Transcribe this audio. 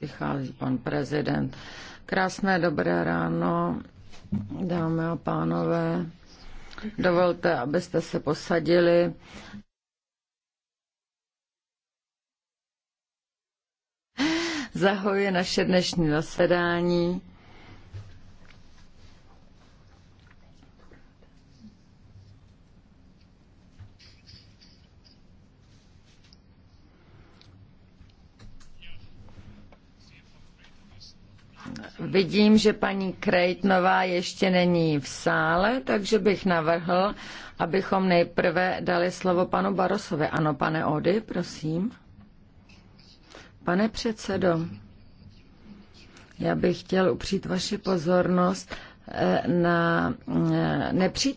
Vychází pan prezident. Krásné dobré ráno, dámy a pánové. Dovolte, abyste se posadili. Zahoji naše dnešní zasedání. Vidím, že paní Krejtnová ještě není v sále, takže bych navrhl, abychom nejprve dali slovo panu Barosovi. Ano, pane Ody, prosím. Pane předsedo, já bych chtěl upřít vaši pozornost eh, na eh, nepřítel